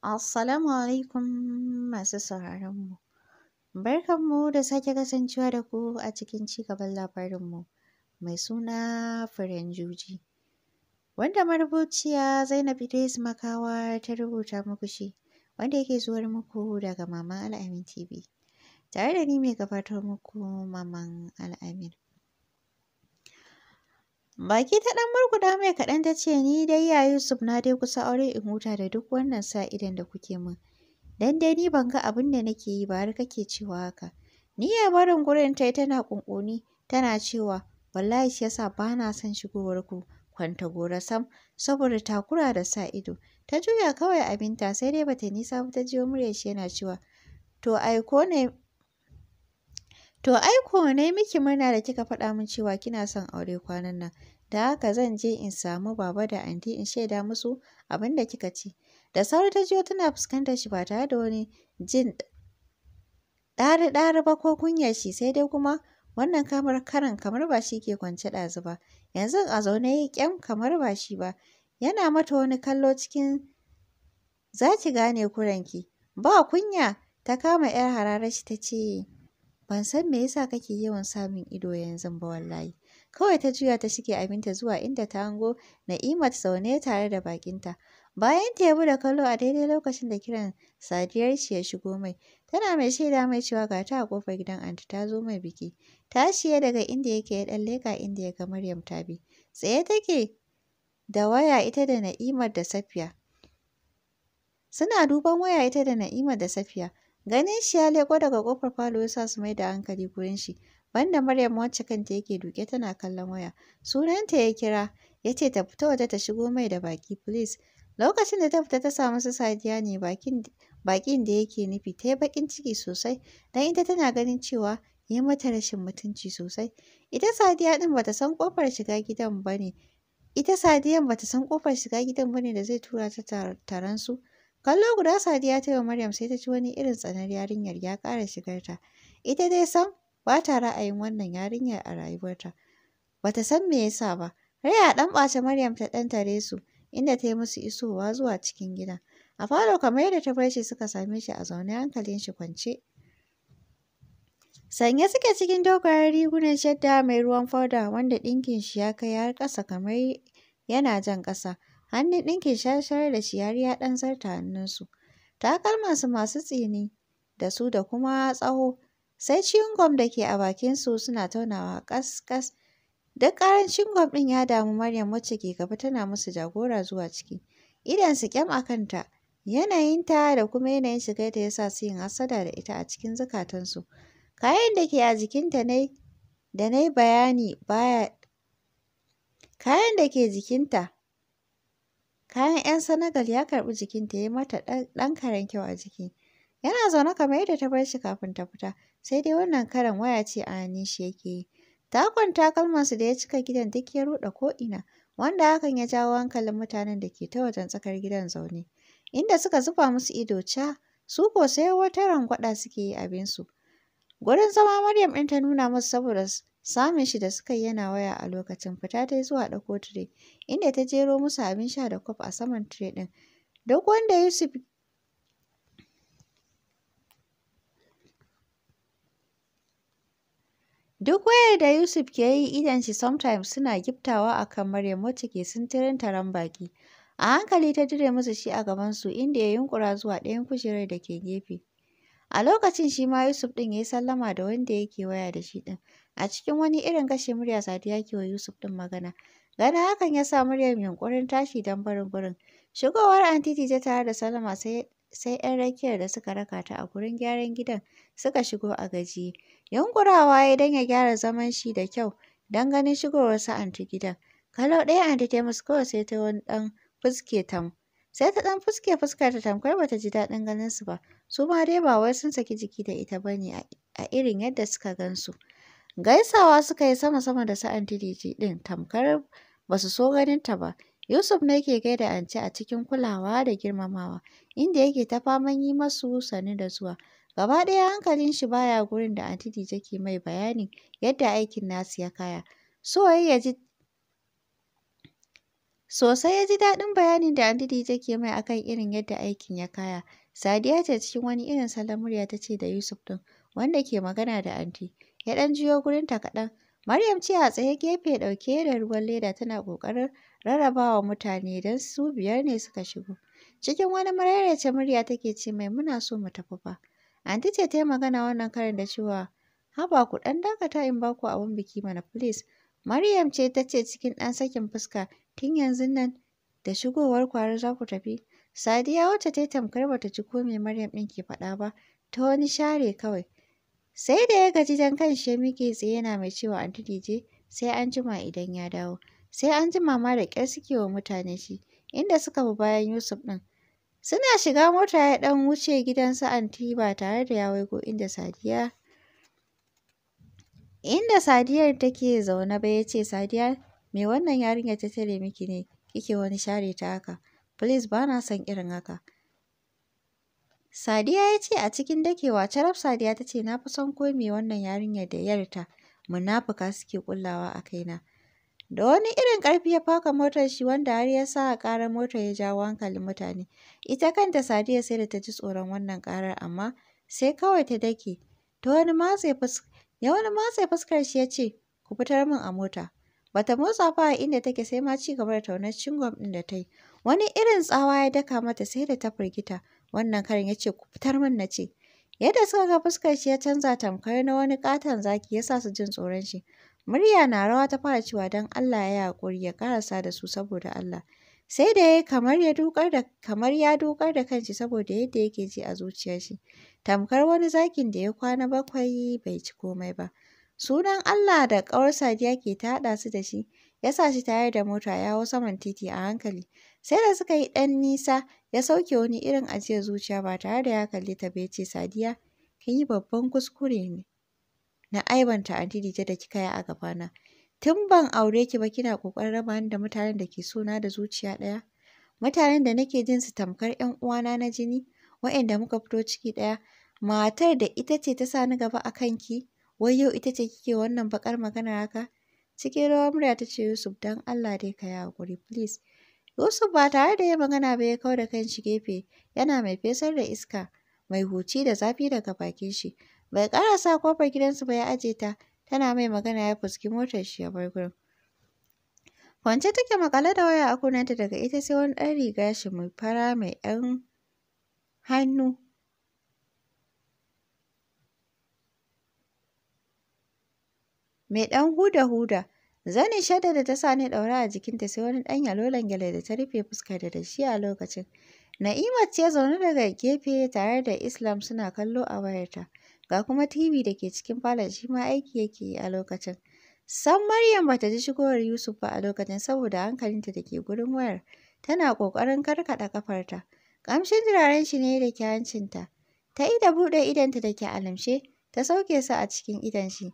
Assalamu alaikum masu sauraronmu. Barkanmu da sake kasancewa da ku a cikin ci cigaban labarinmu mai suna firenjuji Wanda marubuciya Zainab Idris Makawa ta rubuta muku shi, wanda yake zuwar muku daga Maman Al'amin TV. Tare da ni mai gabatar muku Maman Al'amin. Baki ta ɗan da mai kaɗan ta ce ni dai ya Yusuf na dai kusa aure in huta da duk wannan sa idan da kuke min. Dan dai ni ban ga abin da nake yi ba har kake cewa haka. Ni ya barin gurin tai tana ƙunƙuni tana cewa wallahi shi yasa ba na son shigowarku, kwanta gora sam saboda takura da sa ido. Ta juya kawai abinta sai dai bata nisa ba ta jiyo muryar shi yana cewa to ai ko ne To ai ko ne miki murna da kika faɗa min cewa kina son aure kwanan nan. Da haka zan je in samu baba da anti in shaida musu abin da kika ce. Da sauri ta jiyo tana fuskantar shi ba tare da wani jin ɗari-ɗari ba ko kunya shi sai dai kuma wannan kamar karan kamar ba shi ke kwance ɗazu ba. Yanzu a zaune yi ƙyam kamar ba shi ba. Yana mata wani kallo cikin za ki gane kuranki. Ba kunya ta kama 'yar hararar shi ta ce. Ban san me yasa kake yawan samun ido yanzu ba wallahi. Kawai ta juya ta shige abinta zuwa inda ta hango Na'imat zaune tare da bakinta. Bayan ta da kallo a daidai lokacin da kiran sadiyar shi ya shigo mai. Tana mai shaida mai cewa ga ta a kofar gidan anti ta zo mai biki. Ta shiye daga inda yake ya dan leka inda ya ga Maryam ta bi. Tsaye take da waya ita da da Safiya. Suna duban waya ita da Na'imat da Safiya. Ganin shi ya leko daga ƙofar falo ya sa su mai da hankali gurin shi. Banda Maryam wacce kanta yake duke tana kallon waya. Sunanta ya kira ya ce ta fita waje ta shigo mai da baki please. Lokacin da ta fita ta samu su Sadiya ne bakin bakin da yake nufi ta yi bakin ciki sosai dan ita tana ganin cewa ya mata rashin mutunci sosai. Ita Sadiya din bata san kofar shiga gidan bane. Ita Sadiyan bata san kofar shiga gidan bane da zai tura ta taron su. Kallo guda Sadiya ta yi wa Maryam sai ta ci wani irin tsanar yarinyar ya kara shigar ta Ita dai san ba ta ra'ayin wannan yarinyar a rayuwarta. Ba ta san me yasa ba. a ɗan ɓace Maryam ta ɗan tare su inda ta yi musu isowa zuwa cikin gida A falo kamar yadda ta bar shi suka same shi a zaune hankalin shi kwance. Sanye suke cikin dogayen rigunan shadda mai ruwan foda, wanda ɗinkin shi ya kai har ƙasa kamar yana jan ƙasa. hannun ɗinki shashar da shi har ya ɗan zarta hannunsu kar masu tsini da su da kuma tsaho sai cingom da ke a bakinsu suna taunawa ƙasƙas duk ƙaran gwam ɗin ya damu maryam wacce ke gaba tana musu jagora zuwa ciki idansu kyam a kanta yanayinta da kuma yanayin shigarta ya sa su yin hassada da ita a cikin zukatansu kayan da ke a jikinta ne da na yi bayani baya kayan da ke jikinta Kayan 'yan Senegal ya karbi jikin ta ya mata ɗan karen kyau a jiki. Yana zaune kamar yadda ta bar shi kafin ta fita, sai dai wannan karan waya ce a hannun shi yake yi. Takon su da ya cika gidan duk ya ruɗa ko'ina, wanda hakan ya jawo hankalin mutanen da ke ta wajen tsakar gidan zaune. Inda suka zuba musu ido ca, su ko sai wata rangwada suke yi abinsu. Gurin zama Maryam ɗin ta nuna musu saboda Samun shi da suka yi yana waya a lokacin, fita ta yi zuwa ɗauko tire, inda ta jero musu abin sha da kwaf a saman tire ɗin. Duk wanda Yusuf Duk wayar da Yusuf ke yi idan shi sometimes suna giftawa a kan Maryam wacce ke sintirin taron baki, A hankali ta dire musu shi a gaban su, inda ya yunkura zuwa ɗayan kujerar da ke gefe. A lokacin shi ma Yusuf ɗin ya yi sallama da wanda yake waya da shi ɗin. A cikin wani irin kashe murya Sadiya ke wa Yusuf ɗin magana. Ganin hakan ya sa muryar yunƙurin tashi don barin gurin. Shigowar Anti ta tare da Salama sai sai 'yan rakiyar da suka raka ta a gurin gyaran gidan suka shigo a gajiye. Yunƙurawa ya don ya gyara zaman shi da kyau don ganin shigowar sa Anti gidan. Kalau ɗaya Anti ta musu kawai sai ta wani ɗan fuske tam. Sai ta ɗan fuske fuskar ta tamkar bata ji daɗin ganin su ba. Su ma dai ba wai sun saki jiki da ita bane a irin yadda suka gan su. Gaisawa suka yi sama-sama da sa'an anti din ɗin tamkar ba su so ganin ta ba. Yusuf ne ke gaida anti a cikin kulawa da girmamawa, inda yake ta faman yi masu sani da zuwa. Gaba ɗaya hankalin shi baya gurin da anti Dije ke mai bayani yadda aikin nasu ya kaya. Sosai ya ji daɗin bayanin da Anti Dije ke mai akan irin yadda aikin ya kaya. Sadiya ce cikin wani irin salon murya ta ce da Yusuf ɗin, wanda ke magana da Anti. ya ɗan jiyo ta kaɗan. Maryam ce a tsaye gefe ɗauke da ruwan leda tana ƙoƙarin rarrabawa mutane don su biyar ne suka shigo. Cikin wani mararece murya take ce mai muna so mu tafi fa. Anti ce ta magana wannan karin da cewa haba ku ɗan dakata in ba ku abin biki mana please. Maryam ce ta ce cikin ɗan sakin fuska tun yanzu nan da shigowar kwari za ku tafi. Sadiya wacce ta yi tamkar bata ji ko me Maryam ɗin ke faɗa ba ta wani share kawai. Sai da ya gaji don kan shi ya miƙe tsaye yana mai cewa anti DJ sai an jima idan ya dawo. Sai an jima ma da ƙyar suke wa mutane shi inda suka bi bayan Yusuf ɗin. Suna shiga mota ya ɗan wuce su anti ba tare da ya waigo inda Sadiya inda Sadiyar take zaune ba ya ce Sadiya me wannan yarinya ta tare miki ne kike wani share ta haka please ba na son irin haka Sadiya ya ce a cikin dakewa, Carab Sadiya ta ce, Na fi son ko me wannan yarinyar da yarta munafuka suke kullawa a kaina. Da wani irin ƙarfi ya faka motar shi wanda har ya sa a ƙarar motar ya jawo hankalin mutane. Ita kanta Sadiya sai da ta ji tsoron wannan ƙarar amma sai kawai ta dake. Ta wani matse ya wani matse fuskar shi ya ce, Ku fitar min a mota. Bata motsa fa a inda take sai ma ci gaba da taunar cingom ɗin da ta yi. Wani irin tsawa ya daka mata sai da ta firgita. Wannan karin ya ce ku fitar min na ce. Yadda suka ga fuskar shi ya canza tamkar na wani katon zaki ya sa su jin tsoron shi. Murya na rawa ta fara cewa don Allah ya hakuri ya karasa da su saboda Allah. Sai da ya kamar ya dukar da kamar ya dukar da kanshi saboda yadda yake ji a zuciyar shi. Tamkar wani zakin da ya kwana bakwai bai ci komai ba. Sunan Allah da kawar Sadiya ke ta haɗa su da shi, ya sa shi tayar da mota ya hau saman titi a hankali. Sai da suka yi ɗan nisa, Ya sauke wani irin ajiyar zuciya ba tare da ya kalli ta ba ya ce, Sadiya, kin yi babban kuskure ne. Na aibanta Adidija da kika yi a gabana. Tun ban aure ki ba kina ƙoƙarin raba ni da mutanen da ke sona da zuciya ɗaya. Mutanen da nake jin su tamkar 'yan uwana na jini, waɗanda muka fito ciki ɗaya. Matar da ita ce ta sa ni gaba a kanki, wai yau ita ce kike wannan baƙar magana haka? Cikin rawar murya ta ce Yusuf, don Allah dai ka yi haƙuri, please. Yusuf ba tare da ya magana ba ya kau da kan shi gefe yana mai fesar da iska mai huci da zafi daga bakin shi. Bai sa kofar gidansu ba ya aje ta tana mai magana ya fuski motar shi ya bar gurin. Kwance take makale da waya a ta daga ita sai wani ɗan riga shi mai fara mai ɗan hannu mai ɗan huda-huda Zanin shadda da ta sa ni ɗaura a jikinta sai wani ɗan yalo langale da ta rufe fuska da da shi a lokacin. Na'ima ce zaune daga gefe tare da Islam suna kallo a wayarta. Ga kuma TV da ke cikin falon shi ma aiki yake yi a lokacin. San Maryam ba ta ji shigowar Yusuf ba a lokacin saboda hankalinta da ke gurin wayar. Tana ƙoƙarin karkaɗa kafarta. Ƙamshin turaren shi ne da ke hancinta. Ta ida buɗe idonta da ke alamshe, ta sauke su a cikin idon shi.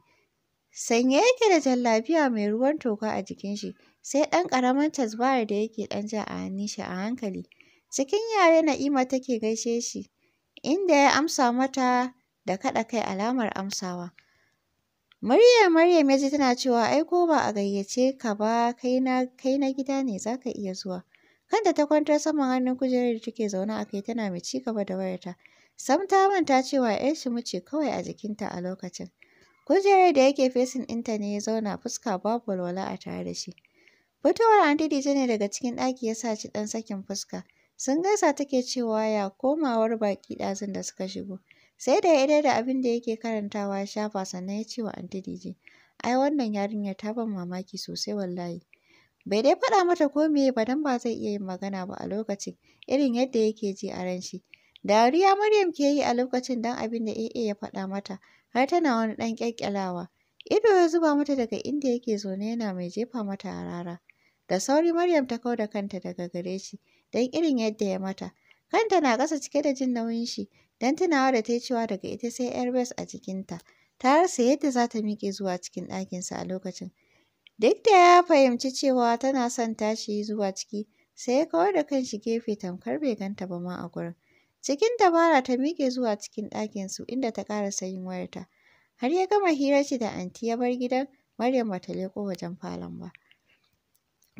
Sanye yake da jallabiya mai ruwan toka a jikin shi, sai ɗan ƙaramin tasbahar da yake ɗan ja a hannun shi a hankali. Cikin yare Na'ima take gaishe shi, inda ya amsa mata da kaɗa kai alamar amsawa. Muryar Maryam ya tana cewa ai ko ba a gayyace ka ba kai na gida ne zaka iya zuwa. Kanta ta kwantar saman hannun kujerar da take zaune a kai tana mai ci gaba da wayarta. Sam ta manta cewa ƴar shi mace kawai a jikinta a lokacin. Kujerar da yake fesin ɗinta ne ya zauna fuska babu walwala a tare da shi. Fitowar Aunty Dije ne daga cikin ɗaki ya sa shi ɗan sakin fuska. Sun gaisa take cewa ya komawar baƙi ɗazun da suka shigo. Sai da ya idar da abin da yake karantawa ya shafa sannan ya ce wa Aunty Dije, ai wannan yarinya ta ban mamaki sosai wallahi. Bai dai faɗa mata ko meye ba don ba zai iya yin magana ba a lokacin irin yadda yake ji a ran shi. Dariya Maryam ke yi a lokacin don abin da AA ya faɗa mata har tana wani ɗan ƙyaƙƙyalawa. Ido ya zuba mata daga inda yake zaune yana mai jefa mata harara. Da sauri Maryam ta kau da kanta daga gare shi don irin yadda ya mata. Kanta na ƙasa cike da jin nauyin shi don tunawa da ta yi cewa daga ita sai Airbus a jikinta. Ta rasa yadda za ta miƙe zuwa cikin ɗakinsa a lokacin. Duk da ya fahimci cewa tana son tashi zuwa ciki sai ya kawar da kan shi gefe tamkar bai ganta ba ma a gurin. Cikin dabara ta miƙe zuwa cikin ɗakin su inda ta ƙara sayin wayarta. Har ya gama hira ce da anti ya bar gidan Maryam bata leƙo wajen falon ba.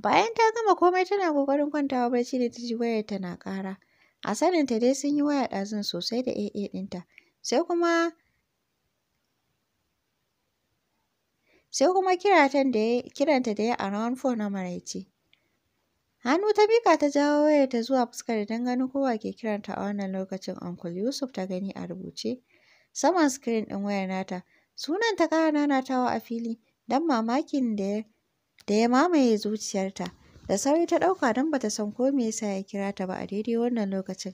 Bayan ta gama komai tana ƙoƙarin kwantawa barci da ta ji wayarta na ƙara. A saninta dai sun yi waya ɗazun sosai da AA ɗinta. Sai kuma sai kuma kiranta da ya yi a round 4 na maraice. Hannu ta bika ta jawo waya ta zuwa fuskar don ganin kowa ke kiranta a wannan lokacin Uncle Yusuf ta gani a rubuce. Saman screen ɗin wayar nata, sunan ta ƙara nanatawa a fili dan mamakin da ya mamaye zuciyarta. Da sauri ta ɗauka don bata san ko me yasa ya kira ta ba a daidai wannan lokacin.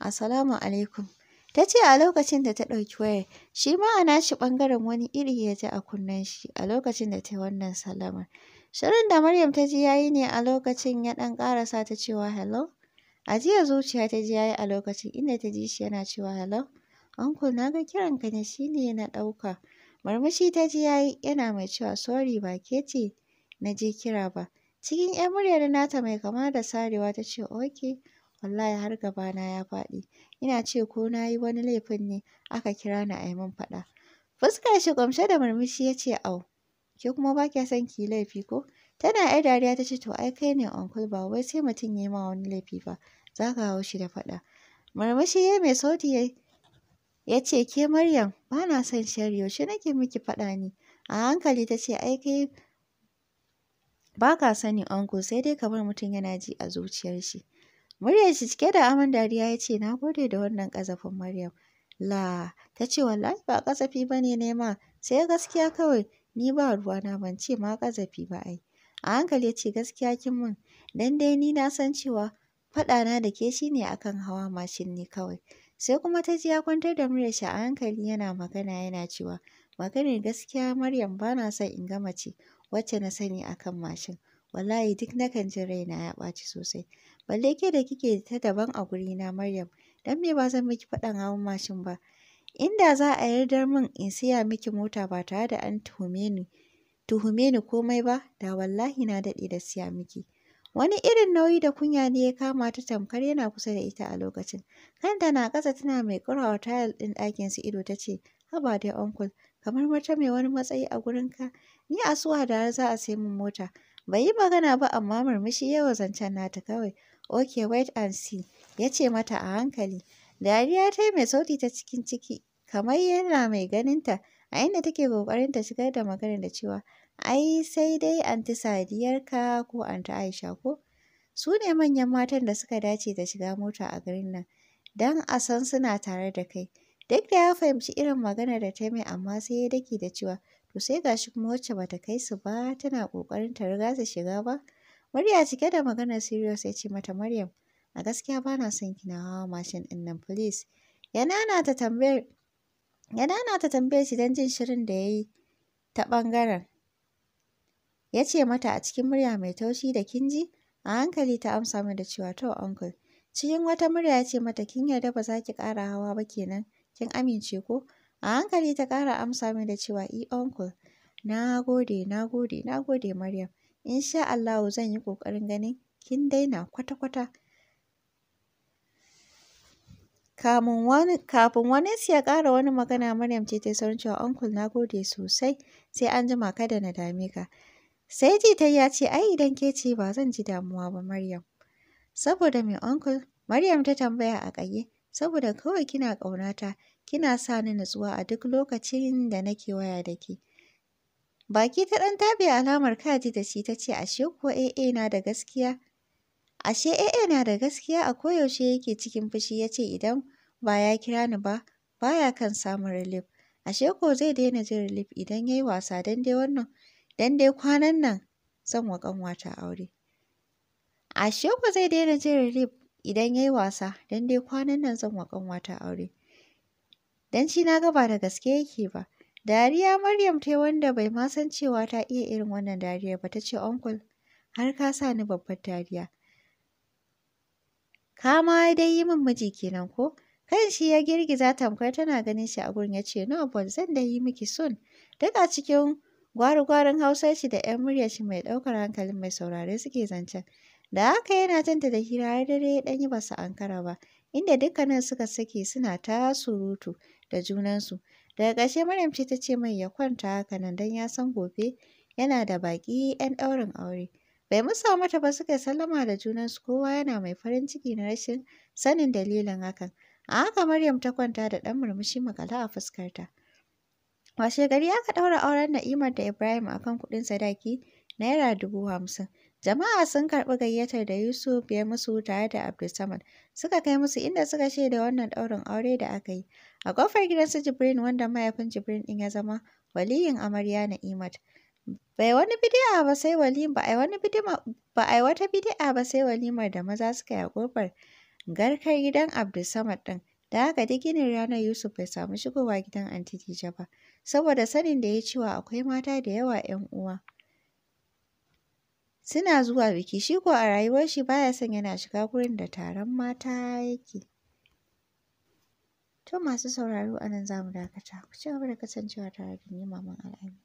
Assalamu alaikum. Ta ce a lokacin da ta ɗauki wayar, shi ma a nashi ɓangaren wani iri ya ji a kunnen shi a lokacin da ta yi wannan sallamar. Shirin da Maryam ta ji ya yi ne a lokacin ya ɗan ƙarasa ta cewa hello. A jiya zuciya ta ji ya yi a lokacin inda ta ji shi yana cewa hello. Uncle na ga kiranka ne shi ne na ɗauka. Murmushi ta ji ya yi yana mai cewa sorry ba ke ce na je kira ba. Cikin 'yan muryar nata mai kama da sarewa ta ce okay wallahi har na ya faɗi. Ina ce ko na yi wani laifin ne aka kira ni a yi min faɗa. Fuskar shi ƙwamshe da murmushi ya ce au. ke kuma ba kya son ki laifi ko? Tana ‘yar dariya ta ce to ai kai ne uncle ba wai sai mutum ya yi ma wani laifi ba za ka hau shi da faɗa. Murmushi ya mai sauti ya ce ke Maryam ba na son shari yaushe nake miki faɗa ni. A hankali ta ce ai kai ba ka sani uncle sai dai kamar mutum yana ji a zuciyar shi. Muryar shi cike da aman dariya ya ce na gode da wannan ƙazafin Maryam. La ta ce wallahi ba ƙazafi ba ne nema sai gaskiya kawai Ni ba ruwana ban ce ma ƙazafi ba ai. A hankali ya ce gaskiya kin min? dan dai ni na san cewa faɗa na da ke shi ne akan hawa mashin ne kawai. Sai kuma ta ji ya kwantar da muryar shi a hankali yana magana yana cewa maganar gaskiya Maryam ba na son in ga mace wacce na sani akan mashin. Wallahi duk nakan jin raina ya ɓaci sosai. Balle ke da kike ta daban a guri na Maryam, dan me ba zan miki faɗan hawan mashin ba. Inda za a yardar min in siya miki mota ba tare da an tuhume ni tuhume ni komai ba, da wallahi na daɗe da siya miki. Wani irin nauyi da kunya ne ya kama ta tamkar yana kusa da ita a lokacin. Kanta na ƙasa tana mai ƙurawa tayal ɗin ɗakin su ido ta ce, Haba dai uncle, kamar wata mai wani matsayi a gurinka, ni a suwa da za a sai min mota. Bai yi magana ba amma murmushi yawa zancen nata kawai. Ok, wait and see, ya ce mata a hankali. Dariya ta yi mai sauti ta cikin ciki, kamar yana mai ganinta, a inda take kokarin ta shigar da maganar da cewa, ai sai dai anti Sadiyarka ko anti Aisha ko? Su ne manyan matan da suka dace da shiga mota a garin nan, dan a san suna tare da kai. Duk da ya fahimci irin maganar da ta mai amma sai ya daki da cewa, to sai gashi kuma wacce bata kai su ba tana ƙoƙarin ta riga ta shiga ba. Murya cike da maganar Sirius ya ce mata Maryam, a gaskiya bana son kina hawa mashin ɗinnan, nan please. Ya nana ta tambayar ya dana ta tambaye shi don jin shirin da ya yi ta ɓangaren. Ya ce mata a cikin murya mai taushi da kin ji a hankali ta amsa mai da cewa to uncle. Cikin wata murya ya ce mata kin yarda ba za ki ƙara hawa ba kenan, kin amince ko? A hankali ta kara amsa mai da cewa e uncle. Na gode, na gode, na gode Maryam. Insha Allahu zan yi ƙoƙarin ganin kin daina kwata-kwata. Kafin wani ya kara wani magana Maryam ce ta yi saurin cewa uncle na gode sosai sai an jima kada na dame ka. Sai ta ya ce ai idan ke ce ba zan ji damuwa ba Maryam. Saboda mai uncle Maryam ta tambaya a ƙaye saboda kawai kina ƙaunata kina sa ni natsuwa a duk lokacin da nake waya da ke. Baki ta ɗan tabe alamar kaji da shi ta ce ashe ko AA na da gaskiya. Ashe AA na da gaskiya a koyaushe yake cikin fushi ya ce idan ba ya kira ni ba, ba ya kan samun relief. Ashe ko zai daina jin relief idan ya yi wasa don dai wannan, don dai kwanan nan zan wa ƙanwata aure. Ashe ko zai daina jin relief idan ya yi wasa don dai kwanan nan zan wa ƙanwata aure. Don shi na gaba da gaske yake ba. Dariya Maryam ta wanda bai ma san cewa ta iya irin wannan dariyar ba ta ce uncle har ka sa ni babbar dariya. Ka ma dai yi min miji kenan ko? Kan shi ya girgiza tamkar tana ganin shi a gurin ya ce, No, Bon, zan da yi miki son. Duk cikin gwari-gwarin Hausar shi da 'yan muryar shi mai ɗaukar hankalin mai saurare suke zancen. Da haka yana tanta da hira har dare ya ɗan yi basu ankara ba, inda dukkanin suka saki suna ta surutu da junansu. Daga ƙarshe Maryam ce ta ce mai ya kwanta haka nan don ya san gobe yana da baƙi 'yan ɗaurin aure. Bai musa mata ba suka sallama da junansu kowa yana mai farin ciki na rashin sanin dalilin hakan. A haka Maryam ta kwanta da ɗan murmushi makala a fuskarta. Washe gari aka ɗaura auren Na'imar da Ibrahim a kan kuɗin sadaki Naira dubu hamsin. Jama'a sun karɓi gayyatar da Yusuf ya musu tare da Abdulsamad. Suka kai musu inda suka shaida wannan ɗaurin aure da aka yi. A ƙofar su Jibrin wanda mahaifin Jibrin ɗin ya zama waliyin amarya Na'imat. Bai ba sai ai wani bidi'a ba sai walimar da maza suka yi a ƙofar garkar gidan Abdulsamad ɗin. Da haka ji ginin ranar Yusuf bai samu shigowa gidan Anti ba, saboda sanin da ya cewa akwai mata da yawa 'yan uwa. Suna zuwa biki, shi ko a rayuwar shi baya son yana shiga gurin da taron mata yake. To masu sauraro a nan za mu dakata, ku ci gaba da kasancewa tare da ni Maman Al'amin.